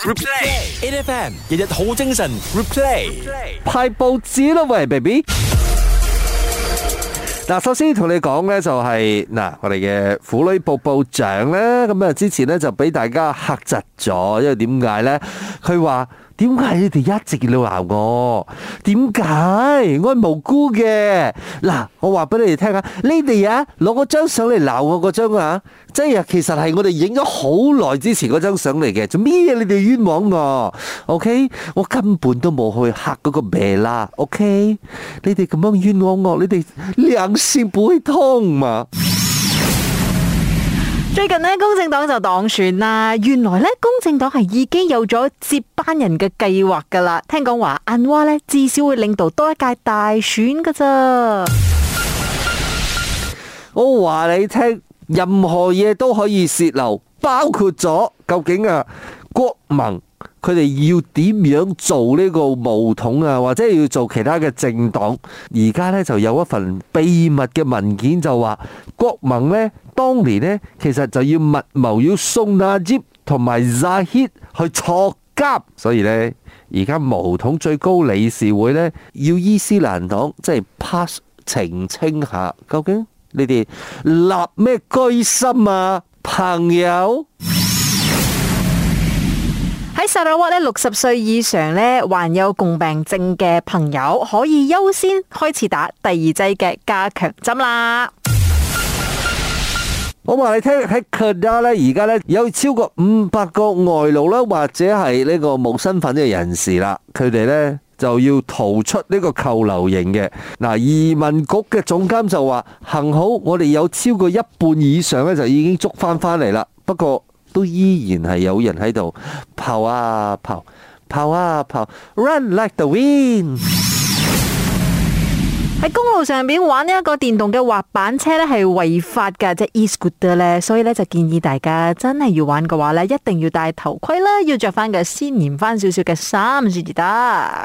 Replay，A F M 日日好精神。Replay 派報紙啦喂，baby。嗱，首先同你講咧就係、是、嗱，我哋嘅婦女部部長咧，咁啊之前咧就俾大家吓窒咗，因為點解咧？佢話。點解你哋一直嚟鬧我？點解？我係無辜嘅。嗱，我話俾你哋聽下，你哋啊攞嗰張相嚟鬧我嗰張啊，即係其實係我哋影咗好耐之前嗰張相嚟嘅。做咩嘢？你哋冤枉我？OK，我根本都冇去嚇嗰個咩啦。OK，你哋咁樣冤枉我，你哋良心唔會痛嘛。最近呢，公正黨就當選啦。原來咧，公正黨係已經有咗接單人嘅計劃噶啦，聽講話暗挖咧，至少會領導多一屆大選噶。咋？我話你聽，任何嘢都可以洩漏，包括咗究竟啊，國盟佢哋要點樣做呢個毛統啊，或者係要做其他嘅政黨？而家咧就有一份秘密嘅文件，就話國盟咧當年咧其實就要密謀要送阿 Jib 同埋阿 Zahid 去錯急，所以咧，而家毛統最高理事會咧要伊斯蘭黨即係、就是、pass 澄清下，究竟你哋立咩居心啊？朋友喺砂拉越咧，六十歲以上咧，患有共病症嘅朋友可以優先開始打第二劑嘅加強針啦。我話你聽，喺 Canada 咧，而家咧有超過五百個外勞啦，或者係呢個冇身份嘅人士啦，佢哋咧就要逃出呢個扣留營嘅。嗱，移民局嘅總監就話，幸好我哋有超過一半以上咧就已經捉翻翻嚟啦，不過都依然係有人喺度跑啊跑，跑啊跑，Run like the wind。喺公路上邊玩呢一個電動嘅滑板車咧，係違法嘅，即係 is good 咧，所以咧就建議大家真係要玩嘅話咧，一定要戴頭盔啦，要着翻嘅鮮艷翻少少嘅衫先至得。好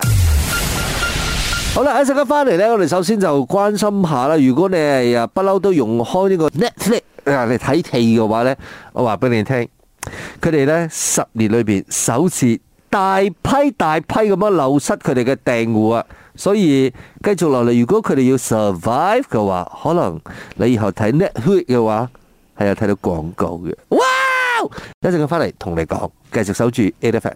啦，一陣間翻嚟咧，我哋首先就關心下啦。如果你係啊不嬲都用開呢個 Netflix 啊嚟睇戲嘅話咧，我話俾你聽，佢哋咧十年裏邊首次大批大批咁樣流失佢哋嘅訂戶啊！所以繼續落嚟，如果佢哋要 survive 嘅話，可能你以後睇 Netflix 嘅話，係有睇到廣告嘅。哇！一陣間翻嚟同你講，繼續守住 Adefaat,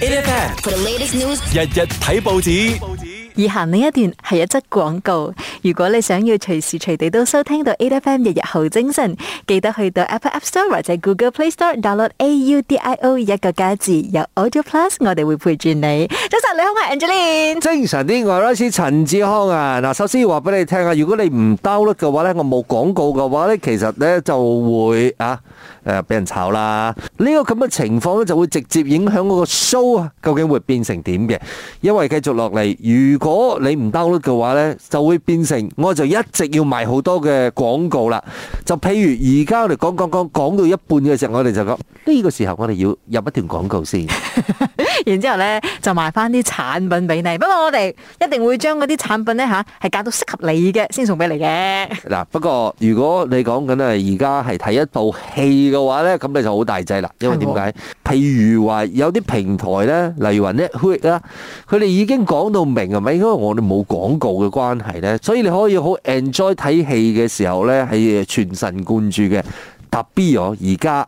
Adefaat for the latest news，日日睇報紙。報紙以下呢一段係一則廣告。如果你想要隨時隨地都收聽到 A F M 日日好精神，記得去到 Apple App Store 或者 Google Play Store 下載 A U D I O 一個加字，有 Audio Plus，我哋會陪住你。早晨你好，我係 Angeline。精神啲我拉斯陳志康啊！嗱，首先話俾你聽啊，如果你唔兜甩嘅話呢，我冇廣告嘅話呢，其實呢就會啊。誒，俾人炒啦！呢、這個咁嘅情況咧，就會直接影響我個 show 啊，究竟會變成點嘅？因為繼續落嚟，如果你唔兜率嘅話呢，就會變成我就一直要賣好多嘅廣告啦。就譬如而家我哋講講講講到一半嘅時候，我哋就講呢、這個時候我哋要入一段廣告先， 然之後咧就賣翻啲產品俾你。不過我哋一定會將嗰啲產品呢，吓係揀到適合你嘅先送俾你嘅。嗱，不過如果你講緊係而家係睇一套戲。嘅話咧，咁你就好大劑啦。因為點解？嗯、譬如話有啲平台咧，例如雲一酷啊，佢哋已經講到明係咪？因為我哋冇廣告嘅關係咧，所以你可以好 enjoy 睇戲嘅時候咧，係全神貫注嘅。特別我而家。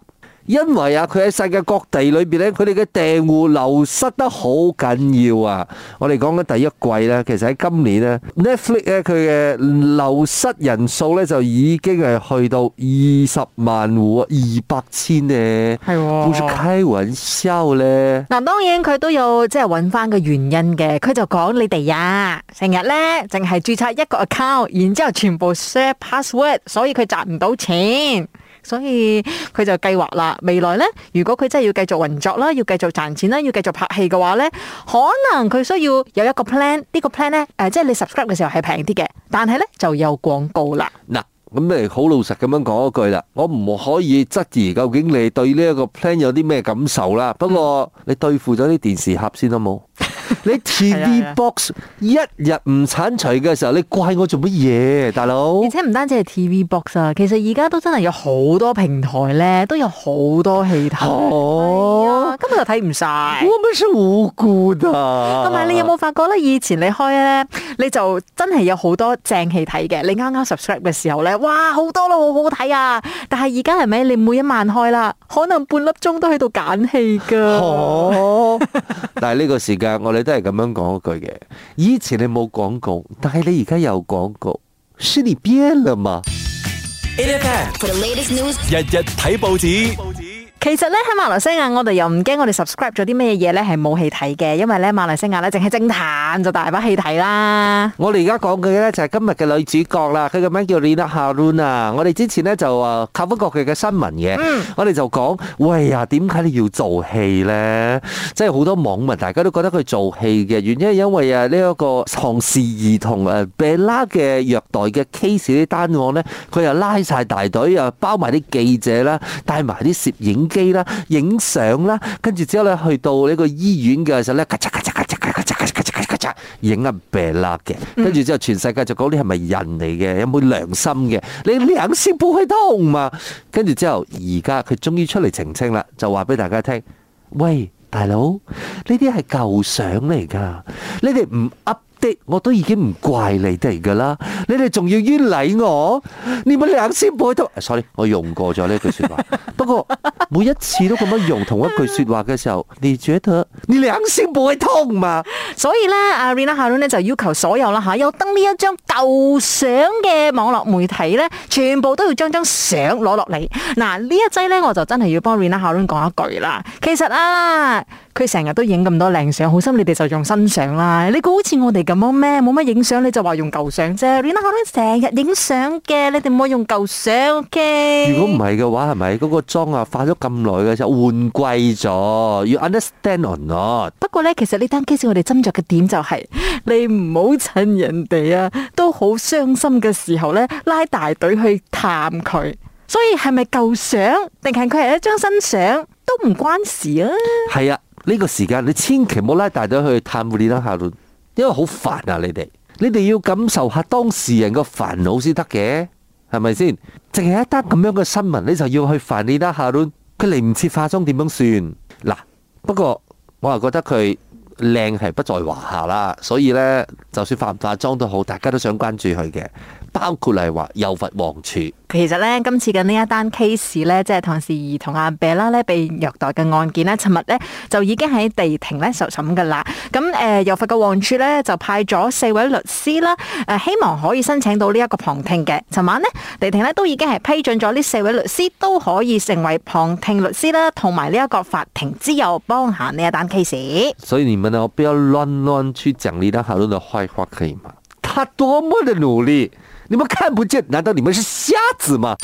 因為啊，佢喺世界各地裏邊咧，佢哋嘅訂戶流失得好緊要啊！我哋講緊第一季咧，其實喺今年咧，Netflix 咧佢嘅流失人數咧就已經係去到二十萬戶，二百千咧，係喎、哦，開玩笑咧。嗱，當然佢都要即係搵翻個原因嘅，佢就講你哋啊，成日咧淨係註冊一個 account，然之後全部 share password，所以佢賺唔到錢。所以佢就計劃啦，未來呢，如果佢真係要繼續運作啦，要繼續賺錢啦，要繼續拍戲嘅話呢，可能佢需要有一個 plan。呢個 plan 呢，呃、即係你 subscribe 嘅時候係平啲嘅，但係呢就有廣告啦。嗱，咁你好老實咁樣講一句啦，我唔可以質疑究竟你對呢一個 plan 有啲咩感受啦。不過你對付咗啲電視盒先好冇？你 TV Box 一日唔鏟除嘅時候，你怪我做乜嘢，大佬？而且唔單止係 TV Box 啊，其實而家都真係有好多平台咧，都有好多戲睇，哦，根本就睇唔晒。我咪說好 good 啊！同埋、啊、你有冇發覺咧？以前你開咧，你就真係有好多正戲睇嘅。你啱啱 subscribe 嘅時候咧，哇，多好多咯，好好睇啊！但係而家係咪？你每一晚開啦，可能半粒鐘都喺度揀戲噶。哦，但係呢個時間我哋。 佢都係咁樣講一句嘅，以前你冇廣告，但係你而家有廣告，是你變啦嘛？日日睇報紙，報紙其實咧喺馬來西亞，我哋又唔驚，我哋 subscribe 咗啲咩嘢咧，係冇戲睇嘅，因為咧馬來西亞咧淨係偵探，就大把戲睇啦。我哋而家講嘅咧就係今日嘅女主角啦，佢個名叫 Linda Haruna。我哋之前咧就啊靠翻國劇嘅新聞嘅，嗯、我哋就講，喂呀，點、啊、解你要做戲咧？即係好多網民大家都覺得佢做戲嘅原因，因為啊呢一、這個創事兒童啊，被拉嘅虐待嘅 case 啲單案咧，佢又拉晒大隊，又、啊、包埋啲記者啦，帶埋啲攝影機啦，影相啦，跟住之後咧，去到呢個醫院嘅時候咧，咔嚓咔嚓咔嚓咔嚓咔嚓咔嚓咔嚓咔嚓，影阿病歷嘅，跟住之後全世界就講啲係咪人嚟嘅，有冇良心嘅？你良心不會痛嘛？跟住之後，而家佢終於出嚟澄清啦，就話俾大家聽，喂，大佬，呢啲係舊相嚟㗎，你哋唔噏。我都已經唔怪你哋噶啦，你哋仲要冤理我？你咪良心背痛。sorry，我用過咗呢句說話， 不過每一次都咁樣用同一句說話嘅時候，你覺得你良心背痛嘛？所以咧，阿 Rina Harun 咧就要求所有啦吓，有登呢一張舊相嘅網絡媒體咧，全部都要將張相攞落嚟。嗱，呢一劑咧，我就真係要幫 Rina Harun 講一句啦。其實啊。佢成日都影咁多靚相，好心你哋就用新相啦。你估好似我哋咁樣咩，冇乜影相你就話用舊相啫。你阿媽都成日影相嘅，你哋唔可以用舊相嘅。如果唔係嘅話，係咪嗰個妝啊化咗咁耐嘅就換季咗？要 understand or not？不過咧，其實呢單 case 我哋斟酌嘅點就係、是、你唔好趁人哋啊都好傷心嘅時候咧拉大隊去探佢。所以係咪舊相定係佢係一張新相都唔關事啊？係啊。呢個時間你千祈唔好拉大隊去探布列塔夏倫，因為好煩啊！你哋，你哋要感受下當事人個煩惱先得嘅，係咪先？淨係一單咁樣嘅新聞，你就要去煩布列塔夏倫，佢嚟唔切化妝點樣算？嗱，不過我係覺得佢靚係不在話下啦，所以呢，就算化唔化妝都好，大家都想關注佢嘅。包括嚟話油弗王處，其實咧今次嘅呢一單 case 咧，即係唐氏兒童阿比拉咧被虐待嘅案件呢，尋日呢就已經喺地庭咧受審噶啦。咁、嗯、誒，油弗嘅王處呢，就派咗四位律師啦，誒、呃，希望可以申請到呢一個旁聽嘅。尋晚呢，地庭呢都已經係批准咗呢四位律師都可以成為旁聽律師啦，同埋呢一個法庭之友幫下呢一單 case。所以你們我不要亂亂去整理得海倫嘅壞話，可以嗎？他多麼的努力！你們看不見？難道你們是瞎子嗎？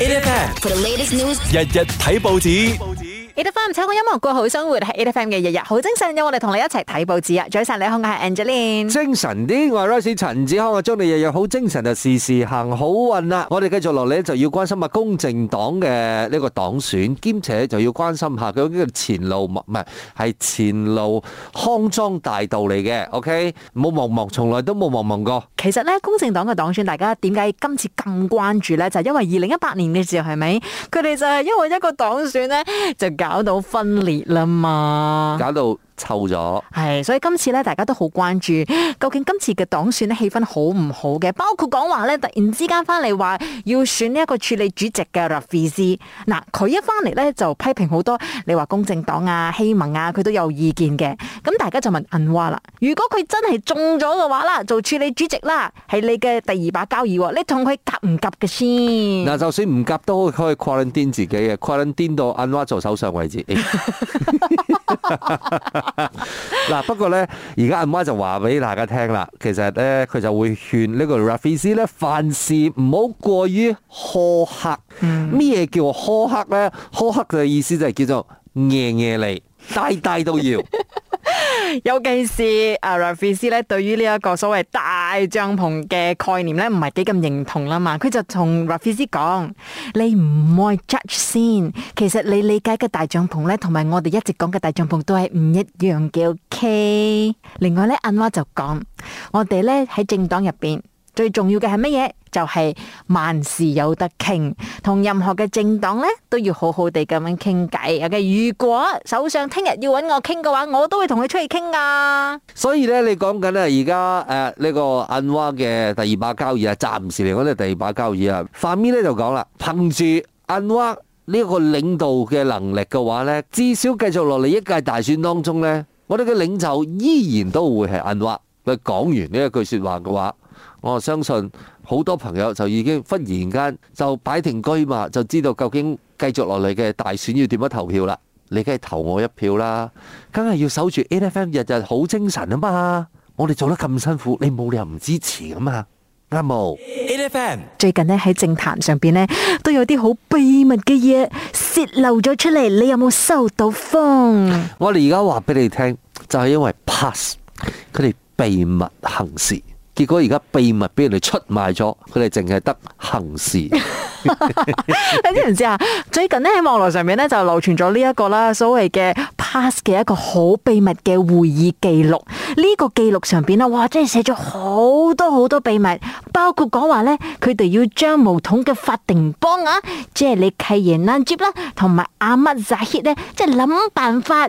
日日睇報紙。報 F.M. 請我音樂過好生活係 F.M. 嘅日日好精神，有我哋同你一齊睇報紙啊！早晨你好，我係 Angeline，精神啲，我係 Rising 陳子康啊！祝你日日好精神，就事事行好運啦！我哋繼續落嚟咧，就要關心啊，公正黨嘅呢個黨選，兼且就要關心下佢呢個前路唔唔係係前路康莊大道嚟嘅，OK？冇茫茫，從來都冇茫茫過。其實咧，公正黨嘅黨選，大家點解今次咁關注咧？就因為二零一八年嘅時候係咪？佢哋就係因為一個黨選咧就。搞到分裂啦嘛！搞到。抽咗，係所以今次咧，大家都好關注，究竟今次嘅黨選咧氣氛好唔好嘅？包括講話咧，突然之間翻嚟話要選呢一個處理主席嘅拉菲斯。嗱，佢一翻嚟咧就批評好多，你話公正黨啊、希盟啊，佢都有意見嘅。咁大家就問安華啦，如果佢真係中咗嘅話啦，做處理主席啦，係你嘅第二把交椅，你同佢夾唔夾嘅先？嗱，就算唔夾都可以 quarantine 自己嘅，quarantine 到安華做首相位置。哎 嗱， 不過呢，而家阿媽就話俾大家聽啦，其實呢，佢就會勸呢個 Rafizi 咧，凡事唔好過於苛刻。咩嘢、嗯、叫苛刻呢？「苛刻嘅意思就係叫做硬硬嚟，大大都要。 尤其是阿 Rafizi 咧，對於呢一個所謂大帳篷嘅概念咧，唔係幾咁認同啦嘛。佢就同 Rafizi 講：你唔愛 judge 先，其實你理解嘅大帳篷咧，同埋我哋一直講嘅大帳篷都係唔一樣嘅。OK，另外咧，安華就講，我哋咧喺政黨入邊。最重要嘅係乜嘢？就係、是、萬事有得傾，同任何嘅政黨咧都要好好地咁樣傾偈嘅。如果首相聽日要揾我傾嘅話，我都會同佢出去傾噶。所以呢，你講緊啊，而家誒呢個安華嘅第二把交椅啊，暫時嚟講呢，第二把交椅啊，范面呢就講啦，憑住安華呢個領導嘅能力嘅話呢，至少繼續落嚟一屆大選當中呢，我哋嘅領袖依然都會係安華。佢講完呢一句說話嘅話。我相信好多朋友就已經忽然間就擺定居嘛，就知道究竟繼續落嚟嘅大選要點樣投票啦。你梗係投我一票啦，梗係要守住 NFM 日日好精神啊嘛！我哋做得咁辛苦，你冇理由唔支持啊嘛，啱冇？NFM 最近呢喺政壇上邊呢，都有啲好秘密嘅嘢泄漏咗出嚟，你有冇收到風？我哋而家話俾你聽，就係因為 pass 佢哋秘密行事。結果而家秘密俾人哋出賣咗，佢哋淨係得行事。有啲人知啊，最近呢喺網絡上面咧就流傳咗呢一個啦，所謂嘅 pass 嘅一個好秘密嘅會議記錄。呢個記錄上邊咧，哇，真係寫咗好多好多秘密，包括講話咧，佢哋要將毛桶嘅法定幫啊，即係你契爺難接啦，同埋阿乜仔 h 咧，即係諗辦法。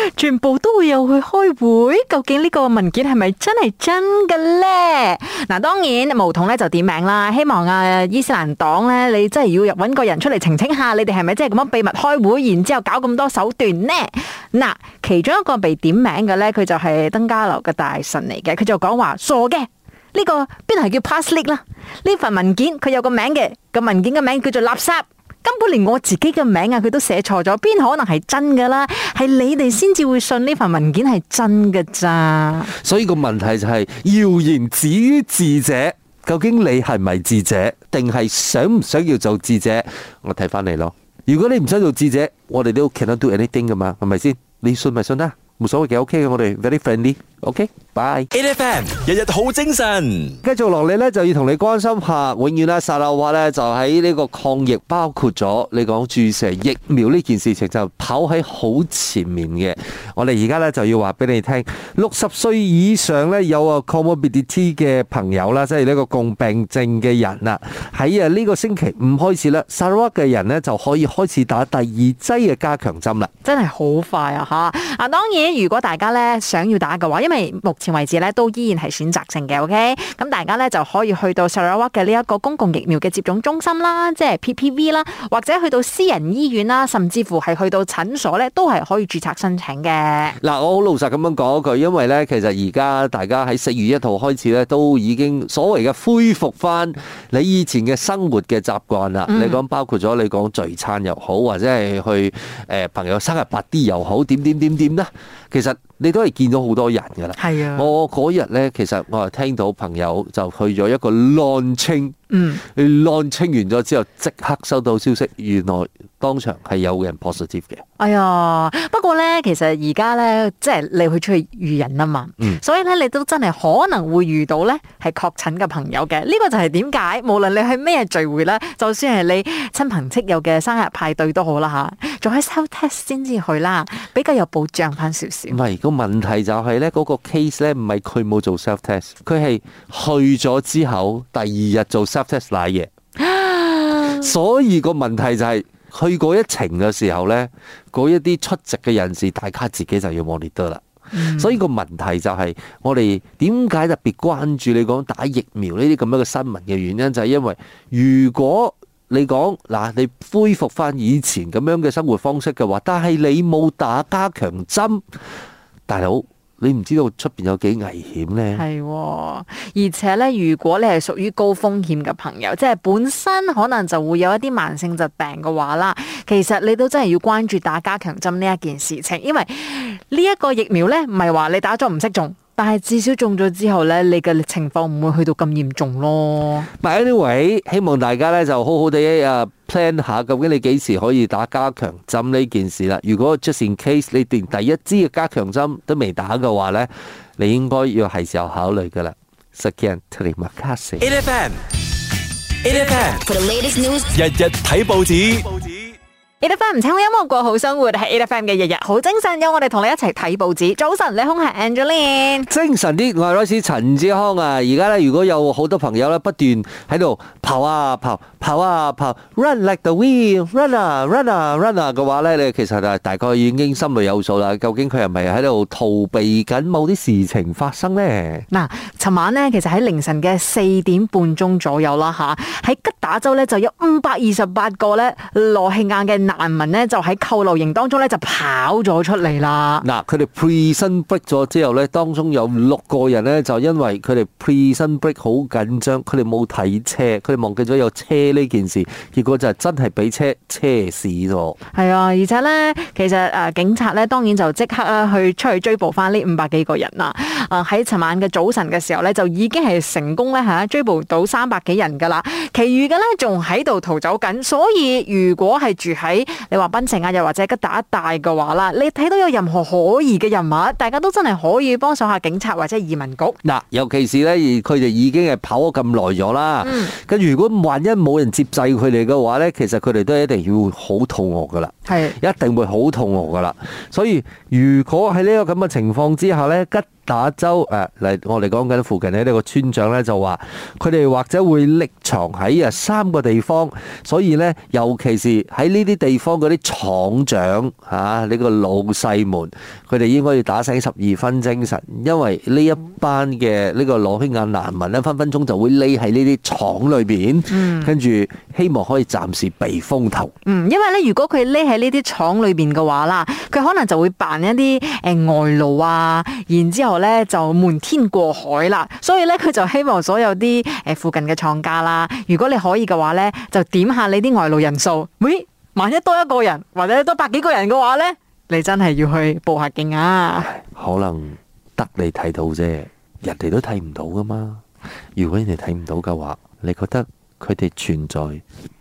全部都會有去開會，究竟呢個文件係咪真係真嘅呢？嗱，當然毛筒咧就點名啦，希望啊伊斯蘭黨呢，你真係要又搵個人出嚟澄清下，你哋係咪真係咁樣秘密開會，然之後搞咁多手段呢？嗱，其中一個被點名嘅呢，佢就係登嘉樓嘅大臣嚟嘅，佢就講話傻嘅，呢、這個邊係叫 pass leak 啦，呢份文件佢有個名嘅，個文件嘅名叫做垃圾。根本連我自己嘅名啊，佢都寫錯咗，邊可能係真噶啦？係你哋先至會信呢份文件係真噶咋？所以個問題就係，謠言止於智者。究竟你係咪智者，定係想唔想要做智者？我睇翻你咯。如果你唔想做智者，我哋都 cannot do anything 噶嘛，係咪先？你信咪信啦，冇所謂嘅，OK 嘅，我哋 very friendly。OK，bye。Okay, N.F.M. 日日好精神。繼續落嚟咧，就要同你關心下，永遠啊，砂拉越咧就喺呢個抗疫，包括咗你講注射疫苗呢件事情，就跑喺好前面嘅。我哋而家咧就要話俾你聽，六十歲以上咧有啊 comorbidity 嘅朋友啦，即係呢個共病症嘅人啦，喺啊呢個星期五開始咧，砂拉越嘅人咧就可以開始打第二劑嘅加強針啦，真係好快啊吓！啊，當然如果大家咧想要打嘅話，因因為目前為止咧都依然係選擇性嘅，OK，咁大家咧就可以去到 Sarawak 嘅呢一個公共疫苗嘅接種中心啦，即係 PPV 啦，或者去到私人醫院啦，甚至乎係去到診所咧都係可以注冊申請嘅。嗱，我好老實咁樣講一句，因為咧其實而家大家喺四月一號開始咧都已經所謂嘅恢復翻你以前嘅生活嘅習慣啦。嗯、你講包括咗你講聚餐又好，或者係去誒朋友生日八啲又好，點點點點啦。其實你都係見到好多人㗎啦，係啊，我嗰日咧，其實我係聽到朋友就去咗一個浪青。嗯，你浪清完咗之後即刻收到消息，原來當場係有人 positive 嘅。哎呀，不過咧，其實而家咧，即係你去出去遇人啊嘛，嗯、所以咧，你都真係可能會遇到咧係確診嘅朋友嘅。呢、呢個就係點解，無論你係咩聚會啦，就算係你親朋戚友嘅生日派對都好啦嚇，做下 self test 先至去啦，比較有保障翻少少。唔係個問題就係、是、咧，嗰個 case 咧，唔係佢冇做 self test，佢係去咗之後第二日做測嘢，啊、所以個問題就係、是、去過一程嘅時候呢，嗰一啲出席嘅人士，大家自己就要望得多啦。嗯、所以個問題就係、是、我哋點解特別關注你講打疫苗呢啲咁樣嘅新聞嘅原因，就係、是、因為如果你講嗱，你恢復翻以前咁樣嘅生活方式嘅話，但係你冇打加強針，大佬。你唔知道出邊有幾危險咧？係哦，而且咧，如果你係屬於高風險嘅朋友，即係本身可能就會有一啲慢性疾病嘅話啦，其實你都真係要關注打加強針呢一件事情，因為呢一個疫苗咧，唔係話你打咗唔識中。但係至少中咗之後呢，你嘅情況唔會去到咁嚴重囉。Anyway，希望大家呢就好好哋呀 plan 一下究竟你幾時可以打加強針呢件事喇。如果出現 case 你連第一支嘅加強針 A.F.M. 唔請我音樂過好生活，係 A.F.M. 嘅日日好精神，有我哋同你一齊睇報紙。早晨咧，李空係 Angeline，精神啲，我係羅斯陳志康啊！而家咧，如果有好多朋友咧，不斷喺度跑啊跑，跑啊跑，Run like the wheel，run 啊，run 啊，run 啊嘅話咧，你其實係大概已經心裏有數啦。究竟佢係咪喺度逃避緊某啲事情發生呢？嗱，尋晚咧，其實喺凌晨嘅四點半鐘左右啦，吓喺吉打州咧就有五百二十八個咧羅興亞嘅。難民咧就喺扣留營當中咧就跑咗出嚟啦。嗱，佢哋 prison break 咗之後咧，當中有六個人咧就因為佢哋 prison break 好緊張，佢哋冇睇車，佢哋忘記咗有車呢件事，結果就真係俾車車死咗。係啊，而且咧，其實誒警察咧當然就即刻啊去出去追捕翻呢五百幾個人啦。誒喺尋晚嘅早晨嘅時候咧，就已經係成功咧係、啊、追捕到三百幾人㗎啦，其餘嘅咧仲喺度逃走緊，所以如果係住喺你話檳城啊，又或者吉打一帶嘅話啦，你睇到有任何可疑嘅人物，大家都真係可以幫上下警察或者移民局。嗱，尤其是咧，佢哋已經係跑咗咁耐咗啦。嗯，跟住如果萬一冇人接濟佢哋嘅話咧，其實佢哋都係一定要好肚餓噶啦。係，是一定會好痛惡噶啦。所以如果喺呢個咁嘅情況之下呢，吉打州誒嚟、啊、我哋講緊附近呢啲個村長呢，就話，佢哋或者會匿藏喺啊三個地方。所以呢，尤其是喺呢啲地方嗰啲廠長嚇，呢、啊這個老細們，佢哋應該要打醒十二分精神，因為呢一班嘅呢個羅興亞難民呢，分分鐘就會匿喺呢啲廠裏邊，跟住、嗯、希望可以暫時避風頭。嗯，因為呢，如果佢匿喺呢啲廠裏邊嘅話啦，佢可能就會扮一啲誒外勞啊，然之後咧就瞞天過海啦。所以呢，佢就希望所有啲誒附近嘅廠家啦，如果你可以嘅話呢，就點下你啲外勞人數。喂，萬一多一個人，或者多百幾個人嘅話呢，你真係要去報下警啊！可能得你睇到啫，人哋都睇唔到噶嘛。如果你哋睇唔到嘅話，你覺得佢哋存在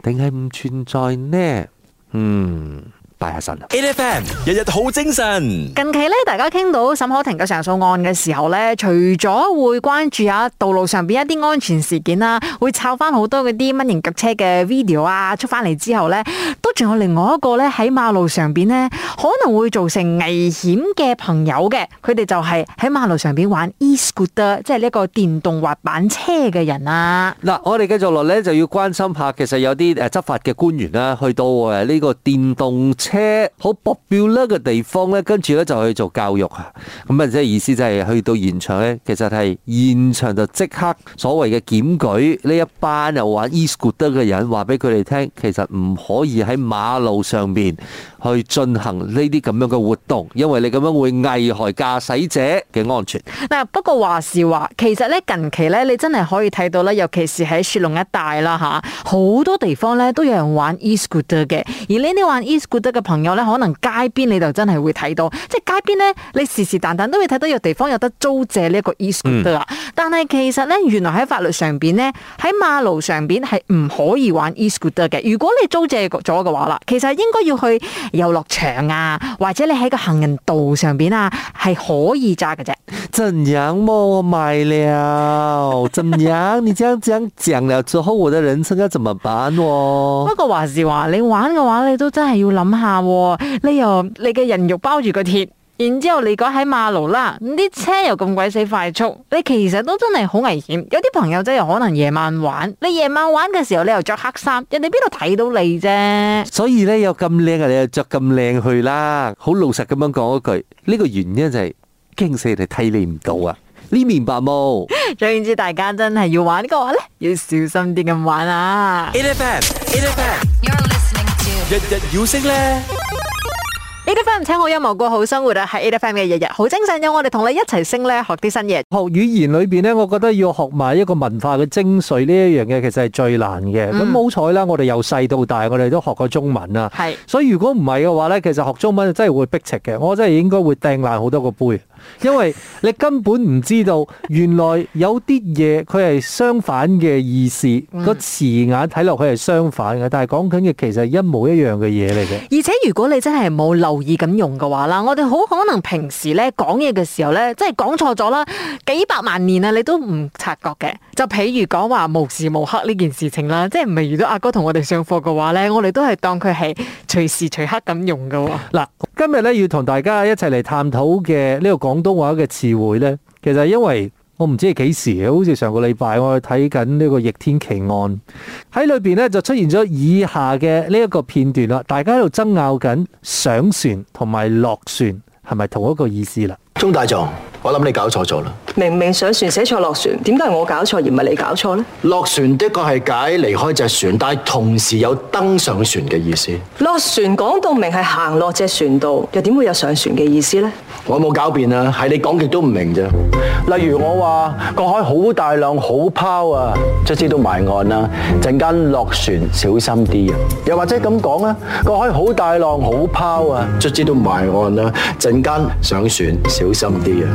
定係唔存在呢？嗯。拜下神啦！ALFM 日日好精神。近期咧，大家傾到沈可婷嘅上訴案嘅時候咧，除咗會關注下道路上邊一啲安全事件啦、啊，會抄翻好多嗰啲蚊型腳車嘅 video 啊，出翻嚟之後咧，都仲有另外一個咧喺馬路上邊咧可能會造成危險嘅朋友嘅，佢哋就係喺馬路上邊玩 e scooter，即係呢個電動滑板車嘅人啊。嗱，我哋繼續落咧就要關心下，其實有啲誒執法嘅官員啦，去到誒呢個電動。車好薄 o p 嘅地方呢，跟住呢就去做教育啊。咁啊即係意思就係、是、去到現場呢，其實係現場就即刻所謂嘅檢舉呢一班又玩 e s c o o t 嘅人，話俾佢哋聽，其實唔可以喺馬路上面去進行呢啲咁樣嘅活動，因為你咁樣會危害駕駛者嘅安全。嗱，不過話是話，其實呢近期呢，你真係可以睇到呢，尤其是喺雪龍一帶啦嚇，好多地方呢，都有人玩 e s c o o t 嘅，而呢啲玩 e s c o o t 嘅。朋友咧，可能街邊你就真係會睇到，即係街邊咧，你時時但但都會睇到有地方有得租借呢一個 e scooter。嗯。但係其實咧，原來喺法律上邊咧，喺馬路上邊係唔可以玩 e scooter 嘅。如果你租借咗嘅話啦，其實應該要去遊樂場啊，或者你喺個行人道上邊啊，係可以揸嘅啫。怎樣我買了？怎樣？你這樣這樣講了之後，好我的人生該怎麼辦哦、啊？ 不過話時話，你玩嘅話，你都真係要諗下、啊。你又你嘅人肉包住個鐵，然之後你講喺馬路啦，咁啲車又咁鬼死快速，你其實都真係好危險。有啲朋友真係可能夜晚玩，你夜晚玩嘅時候，你又着黑衫，人哋邊度睇到你啫？所以呢，有咁靚嘅你，着咁靚去啦。好老實咁樣講一句，呢、這個原因就係、是。驚死你睇你唔到啊！你明白冇？總之大家真係要玩嘅話咧，要小心啲咁玩啊！In the back, In the back, you're listening to 日日要聲咧。你 F. M. 唔請我音樂過好生活啊，係 A. F. M. 嘅日日好精神，有我哋同你一齊升咧，學啲新嘢。學語言裏邊咧，我覺得要學埋一個文化嘅精髓呢一樣嘢，其實係最難嘅。咁好彩啦，我哋由細到大，我哋都學過中文啦。係是，所以如果唔係嘅話咧，其實學中文真係會逼迫嘅。我真係應該會掟爛好多個杯，因為你根本唔知道原來有啲嘢佢係相反嘅意思，個詞、嗯、眼睇落去係相反嘅，但係講緊嘅其實係一模一樣嘅嘢嚟嘅。而且如果你真係冇留意咁用嘅話啦，我哋好可能平時咧講嘢嘅時候咧，即係講錯咗啦，幾百萬年啊，你都唔察覺嘅。就譬如講話無時無刻呢件事情啦，即係唔係遇到阿哥同我哋上課嘅話咧，我哋都係當佢係隨時隨刻咁用㗎。嗱，今日咧要同大家一齊嚟探討嘅呢個廣東話嘅詞彙咧，其實因為。我唔知係幾時，好似上個禮拜我去睇緊呢個《逆天奇案》，喺裏邊呢就出現咗以下嘅呢一個片段啦。大家喺度爭拗緊上船同埋落船係咪同一個意思啦。鐘大狀。我諗你搞錯咗啦！明明上船寫錯落船，點解係我搞錯而唔係你搞錯呢？落船的確係解離開隻船，但係同時有登上船嘅意思。落船講到明係行落隻船度，又點會有上船嘅意思呢？我冇狡辯啊，係你講極都唔明啫。例如我話個海好大浪好拋啊，卒之都埋岸啦，陣間落船小心啲啊！又或者咁講啊，個海好大浪好拋啊，卒之都埋岸啦，陣間上船小心啲啊！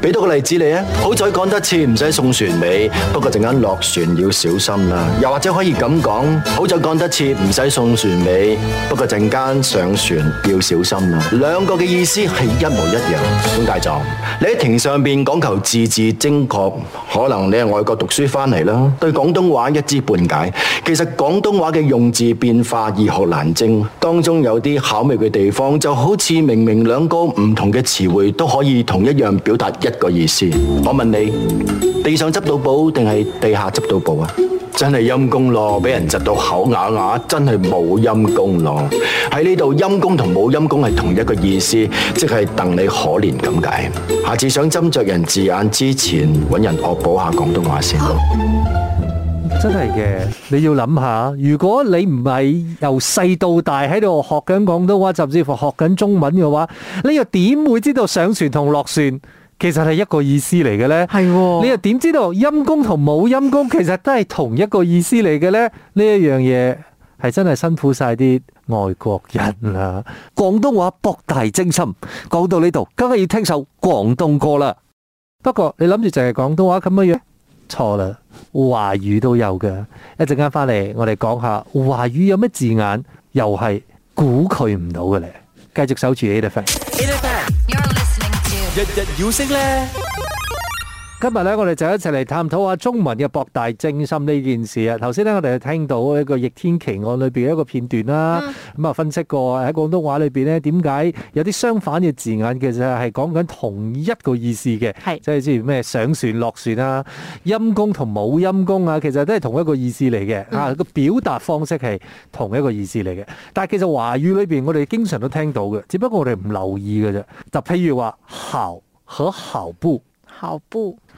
俾多個例子你啊，好彩趕得切，唔使送船尾，不過陣間落船要小心啦。又或者可以咁講，好彩趕得切，唔使送船尾，不過陣間上船要小心啦。兩個嘅意思係一模一樣。鍾大狀，你喺庭上邊講求字字精確，可能你係外國讀書翻嚟啦，對廣東話一知半解。其實廣東話嘅用字變化易學難精，當中有啲巧妙嘅地方，就好似明明兩個唔同嘅詞彙都可以同一樣表。答一個意思，我問你，地上執到寶定係地下執到寶啊？真係陰功咯，俾人窒到口啞啞，真係冇陰功咯。喺呢度陰功同冇陰功係同一個意思，即係戥你可憐咁解。下次想斟酌人字眼之前，搵人惡補下廣東話先咯。真係嘅，你要諗下，如果你唔係由細到大喺度學緊廣東話，甚至乎學緊中文嘅話，你又點會知道上船同落船？其實係一個意思嚟嘅呢。係、哦、你又點知道陰公同冇陰公其實都係同一個意思嚟嘅呢？呢一樣嘢係真係辛苦晒啲外國人啦！廣東話博大精深，講到呢度，今日要聽首廣東歌啦。不過你諗住就係廣東話咁樣樣，錯啦，華語都有㗎。一陣間翻嚟，我哋講下華語有乜字眼又係估佢唔到嘅咧。繼續守住 A 日日要升咧！今日咧，我哋就一齊嚟探討下中文嘅博大精深呢件事啊！頭先咧，我哋聽到一個《逆天奇案》裏邊一個片段啦，咁啊、嗯、分析過喺廣東話裏邊咧，點解有啲相反嘅字眼，其實係講緊同一個意思嘅。是即係例如咩上船、落船啦，陰公同冇陰公啊，其實都係同一個意思嚟嘅、嗯、啊，個表達方式係同一個意思嚟嘅。但係其實華語裏邊，我哋經常都聽到嘅，只不過我哋唔留意嘅啫。就譬如話好和好不，好不。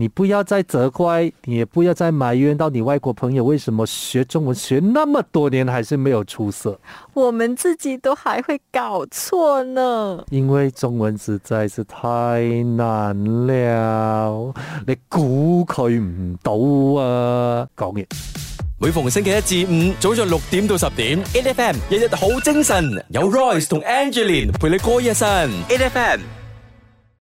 你不要再責怪，你也不要再埋怨到你外國朋友為什麼學中文學那麼多年還是沒有出色。我們自己都還會搞錯呢，因為中文實在是太難了，你估佢唔到啊講嘢。講每逢星期一至五早上六點到十點，A F M 日日好精神，有 Royce 同 Angelin 陪你過夜生。A F M。